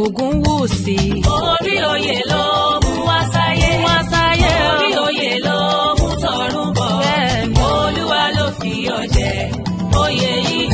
ògùn wò sí. orí oyè ló mú wá sáyé. mú wá o. orí oyè ló mú tọ̀run bọ̀. bẹ́ẹ̀ ni olúwa ló fi ọ̀jẹ̀ oyè yìí.